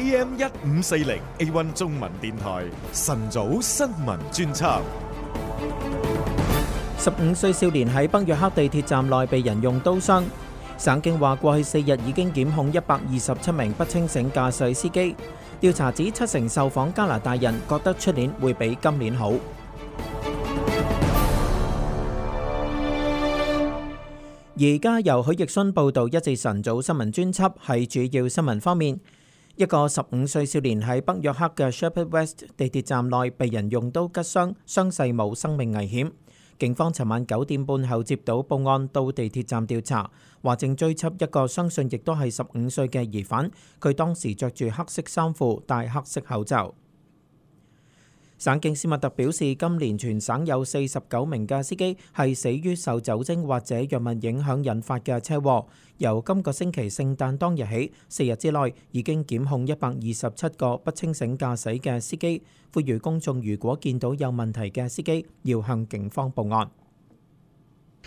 A.M. 一五四零 A One 中文電台晨早新聞專輯：十五歲少年喺北約克地鐵站內被人用刀傷。省警話過去四日已經檢控一百二十七名不清醒駕駛司機。調查指七成受訪加拿大人覺得出年會比今年好。而家由許奕迅報道，一至晨早新聞專輯，係主要新聞方面。一個十五歲少年喺北約克嘅 Sheppard West 地鐵站內被人用刀吉傷，傷勢冇生命危險。警方尋晚九點半後接到報案，到地鐵站調查，話正追緝一個相信亦都係十五歲嘅疑犯，佢當時着住黑色衫褲，戴黑色口罩。省警司密特表示，今年全省有四十九名嘅司機係死於受酒精或者藥物影響引發嘅車禍。由今個星期聖誕當日起，四日之內已經檢控一百二十七個不清醒駕駛嘅司機。呼籲公眾如果見到有問題嘅司機要向警方報案。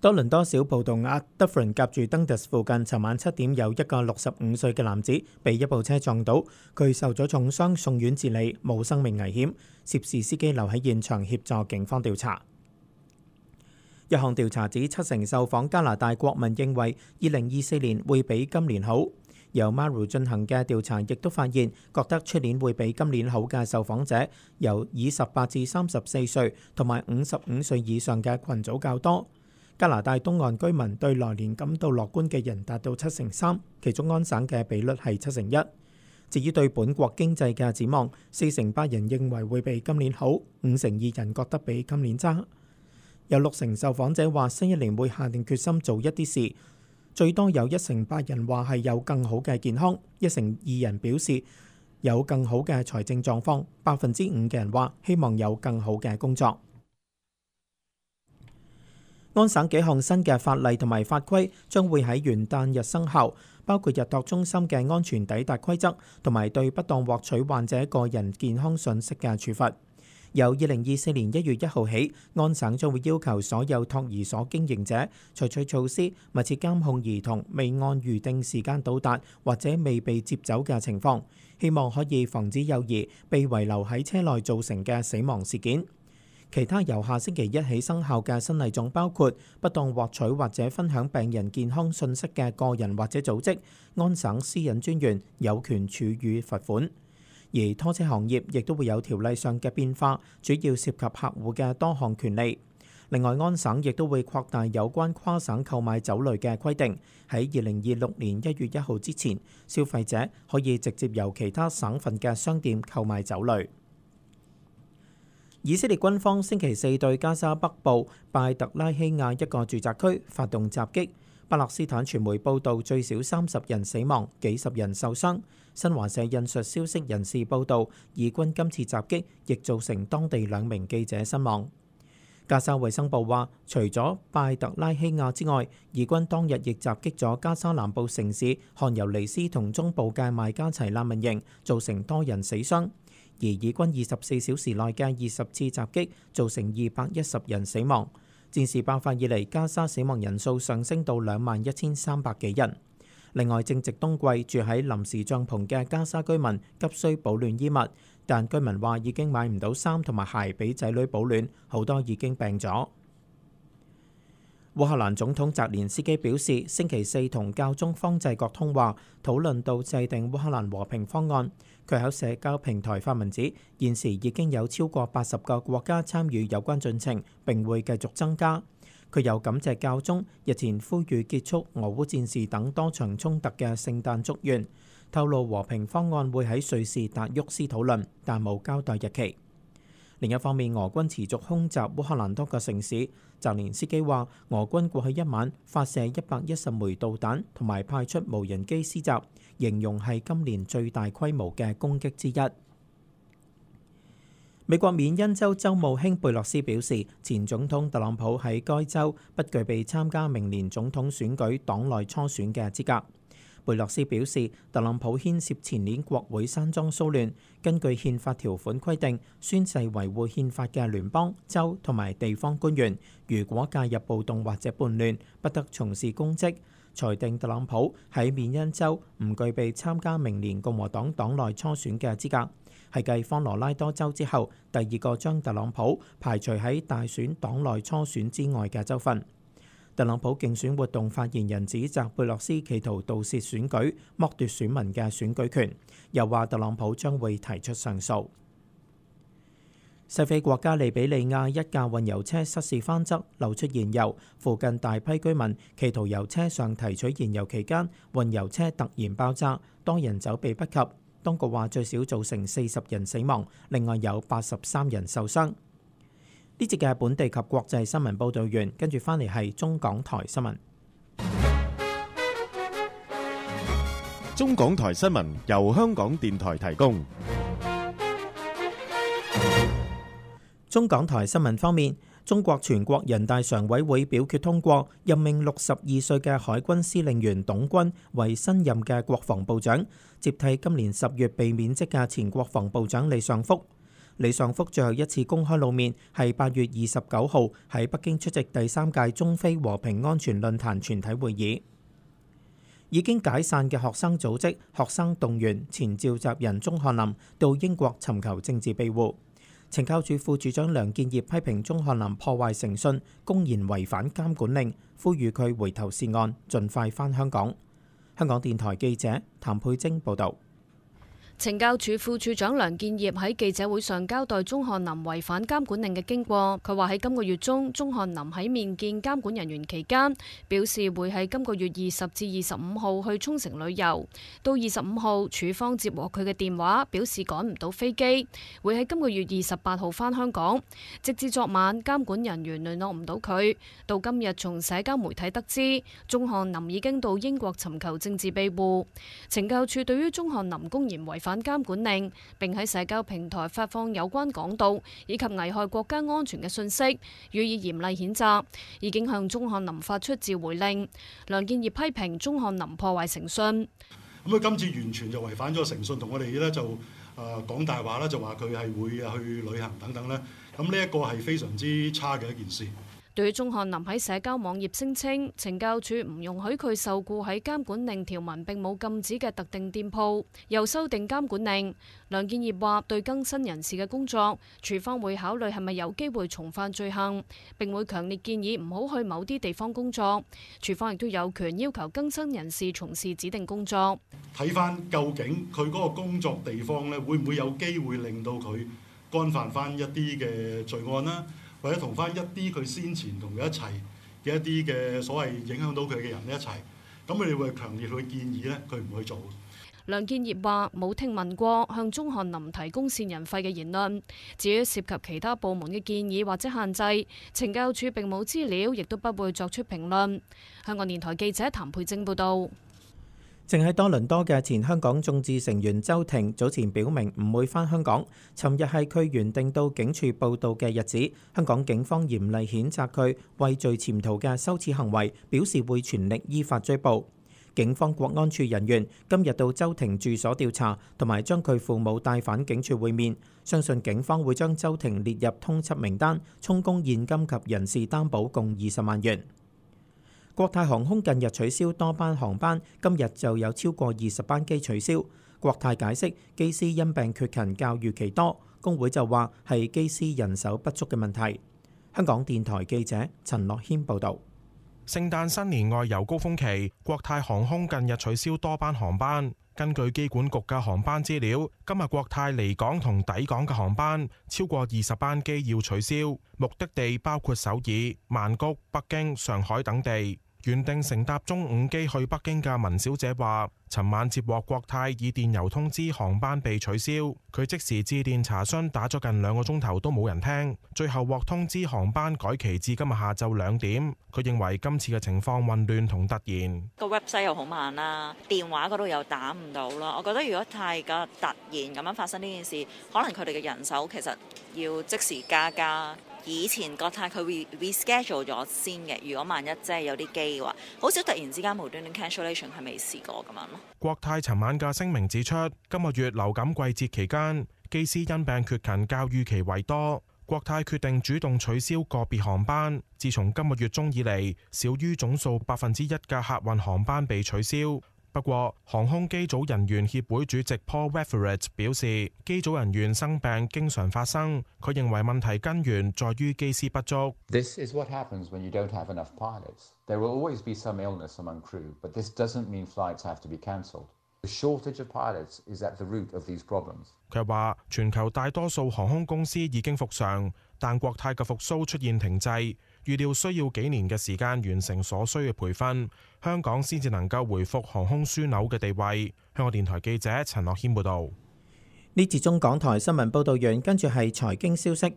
多倫多小報道，額 Dufferin 夾住 Dundas 附近，尋晚七點有一個六十五歲嘅男子被一部車撞到，佢受咗重傷，送院治理，冇生命危險。涉事司機留喺現場協助警方調查。一項調查指，七成受訪加拿大國民認為二零二四年會比今年好。由 Maru 進行嘅調查亦都發現，覺得出年會比今年好嘅受訪者，由二十八至三十四歲同埋五十五歲以上嘅群組較多。加拿大東岸居民對來年感到樂觀嘅人達到七成三，其中安省嘅比率係七成一。至於對本國經濟嘅展望，四成八人認為會比今年好，五成二人覺得比今年差。有六成受訪者話新一年會下定決心做一啲事，最多有一成八人話係有更好嘅健康，一成二人表示有更好嘅財政狀況，百分之五嘅人話希望有更好嘅工作。安省幾項新嘅法例同埋法規將會喺元旦日生效，包括日托中心嘅安全抵達規則同埋對不當獲取患者個人健康信息嘅處罰。由二零二四年一月一號起，安省將會要求所有托兒所經營者採取措施，密切監控兒童未按預定時間到達或者未被接走嘅情況，希望可以防止幼兒被遺留喺車內造成嘅死亡事件。其他由下星期一起生效嘅新例仲包括不當獲取或者分享病人健康信息嘅個人或者組織，安省私隱專員有權處以罰款。而拖車行業亦都會有條例上嘅變化，主要涉及客戶嘅多項權利。另外，安省亦都會擴大有關跨省購買酒類嘅規定。喺二零二六年一月一號之前，消費者可以直接由其他省份嘅商店購買酒類。以色列軍方星期四對加沙北部拜特拉希亞一個住宅區發動襲擊，巴勒斯坦傳媒報道，最少三十人死亡，幾十人受傷。新華社引述消息人士報道，以軍今次襲擊亦造成當地兩名記者身亡。加沙衛生部話，除咗拜特拉希亞之外，以軍當日亦襲擊咗加沙南部城市汗尤尼斯同中部嘅麥加齊難民營，造成多人死傷。而以軍二十四小時內嘅二十次襲擊，造成二百一十人死亡。戰事爆發以嚟，加沙死亡人數上升到兩萬一千三百幾人。另外，正值冬季，住喺臨時帳篷嘅加沙居民急需保暖衣物，但居民話已經買唔到衫同埋鞋俾仔女保暖，好多已經病咗。烏克蘭總統澤連斯基表示，星期四同教宗方濟各通話，討論到制定烏克蘭和平方案。佢喺社交平台發文指，現時已經有超過八十個國家參與有關進程，並會繼續增加。佢又感謝教宗日前呼籲結束俄烏戰事等多場衝突嘅聖誕祝願，透露和平方案會喺瑞士達沃斯討論，但冇交代日期。另一方面，俄軍持續空襲烏克蘭多個城市，澤連斯基話俄軍過去一晚發射一百一十枚導彈，同埋派出無人機施襲，形容係今年最大規模嘅攻擊之一。美國緬因州州務卿貝洛斯表示，前總統特朗普喺該州不具備參加明年總統選舉黨內初選嘅資格。貝洛斯表示，特朗普牽涉前年國會山莊騷亂，根據憲法條款規定，宣誓維護憲法嘅聯邦州同埋地方官員，如果介入暴動或者叛亂，不得從事公職。裁定特朗普喺緬因州唔具備參加明年共和黨黨內初選嘅資格，係繼科羅拉多州之後，第二個將特朗普排除喺大選黨內初選之外嘅州份。特朗普競選活動發言人指責貝洛斯企圖盜竊選舉，剝奪選民嘅選舉權，又話特朗普將會提出上訴。西非國家利比里亞一架運油車失事翻側，漏出燃油，附近大批居民企圖由車上提取燃油期間，運油車突然爆炸，多人走避不及。當局話最少造成四十人死亡，另外有八十三人受傷。呢節嘅本地及國際新聞報道完，跟住翻嚟係中港台新聞。中港台新聞由香港電台提供。中港台新聞方面，中國全國人大常委會表決通過任命六十二歲嘅海軍司令員董軍為新任嘅國防部長，接替今年十月被免職嘅前國防部長李尚福。李尚福最後一次公開露面係八月二十九號喺北京出席第三屆中非和平安全論壇全體會議。已經解散嘅學生組織學生動員前召集人鍾翰林到英國尋求政治庇護。懲教署副署長梁建業批評鍾翰林破壞誠信，公然違反監管令，呼籲佢回頭是岸，盡快返香港。香港電台記者譚佩晶報導。懲教署副署長梁建業喺記者會上交代鐘漢林違反監管令嘅經過。佢話喺今個月中，鍾漢林喺面見監管人員期間，表示會喺今個月二十至二十五號去沖繩旅遊。到二十五號，署方接獲佢嘅電話，表示趕唔到飛機，會喺今個月二十八號返香港。直至昨晚，監管人員聯絡唔到佢。到今日，從社交媒體得知，鍾漢林已經到英國尋求政治庇護。懲教署對於鐘漢林公然違反反監管令，並喺社交平台發放有關港獨以及危害國家安全嘅信息，予以嚴厲譴責。已經向鍾漢林發出召回令。梁建業批評鍾漢林破壞誠信。咁佢今次完全就違反咗誠信，同我哋咧就誒講大話啦，就話佢係會去旅行等等啦。咁呢一個係非常之差嘅一件事。對於鍾漢林喺社交網頁聲稱，懲教處唔容許佢受雇喺監管令條文並冇禁止嘅特定店鋪，又修訂監管令。梁建業話：對更新人士嘅工作，處方會考慮係咪有機會重犯罪行，並會強烈建議唔好去某啲地方工作。處方亦都有權要求更新人士從事指定工作。睇翻究竟佢嗰個工作地方咧，會唔會有機會令到佢干犯翻一啲嘅罪案呢？或者同翻一啲佢先前同佢一齊嘅一啲嘅所謂影響到佢嘅人一齊，咁佢哋會強烈去建議咧，佢唔去做。梁建業話冇聽聞過向鐘漢林提供線人費嘅言論，至於涉及其他部門嘅建議或者限制，懲教署並冇資料，亦都不會作出評論。香港電台記者譚佩貞報道。正喺多倫多嘅前香港眾志成員周庭早前表明唔會返香港。尋日係佢原定到警署報到嘅日子，香港警方嚴厲譴責佢畏罪潛逃嘅羞恥行為，表示會全力依法追捕。警方國安處人員今日到周庭住所調查，同埋將佢父母帶返警署會面。相信警方會將周庭列入通緝名單，充公現金及人事擔保共二十萬元。國泰航空近日取消多班航班，今日就有超過二十班機取消。國泰解釋，機師因病缺勤較預期多，工會就話係機師人手不足嘅問題。香港電台記者陳樂軒報導。聖誕新年外遊高峰期，國泰航空近日取消多班航班。根據機管局嘅航班資料，今日國泰離港同抵港嘅航班超過二十班機要取消，目的地包括首爾、曼谷、北京、上海等地。原定乘搭中午機去北京嘅文小姐話，尋晚接獲國泰以電郵通知航班被取消，佢即時致電查詢打，打咗近兩個鐘頭都冇人聽，最後獲通知航班改期至今日下晝兩點。佢認為今次嘅情況混亂同突然，個 website 又好慢啦、啊，電話嗰度又打唔到啦。我覺得如果太過突然咁樣發生呢件事，可能佢哋嘅人手其實要即時加加。以前國泰佢會 re 會 schedule 咗先嘅，如果萬一即係有啲機嘅話，好少突然之間無端端 cancellation 係未試過咁樣。國泰尋晚嘅聲明指出，今個月流感季節期間，機師因病缺勤較預期為多，國泰決定主動取消個別航班。自從今個月中以嚟，少於總數百分之一嘅客運航班被取消。不過，航空機組人員協會主席 Paul Waffret 表示，機組人員生病經常發生，佢認為問題根源在於機師不足。佢話，全球大多數航空公司已經復常，但國泰嘅復蘇出現停滯。預料需要幾年嘅時間完成所需嘅培訓，香港先至能夠回復航空樞紐嘅地位。香港電台記者陳樂軒報道。呢次中港台新聞報導完，跟住係財經消息。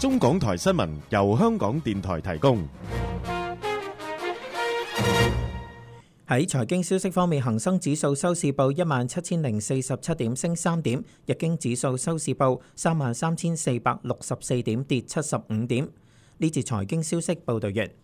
中港台新聞由香港電台提供。喺財經消息方面，恒生指數收市報一萬七千零四十七點，升三點；日經指數收市報三萬三千四百六十四點，跌七十五點。呢節財經消息報道完。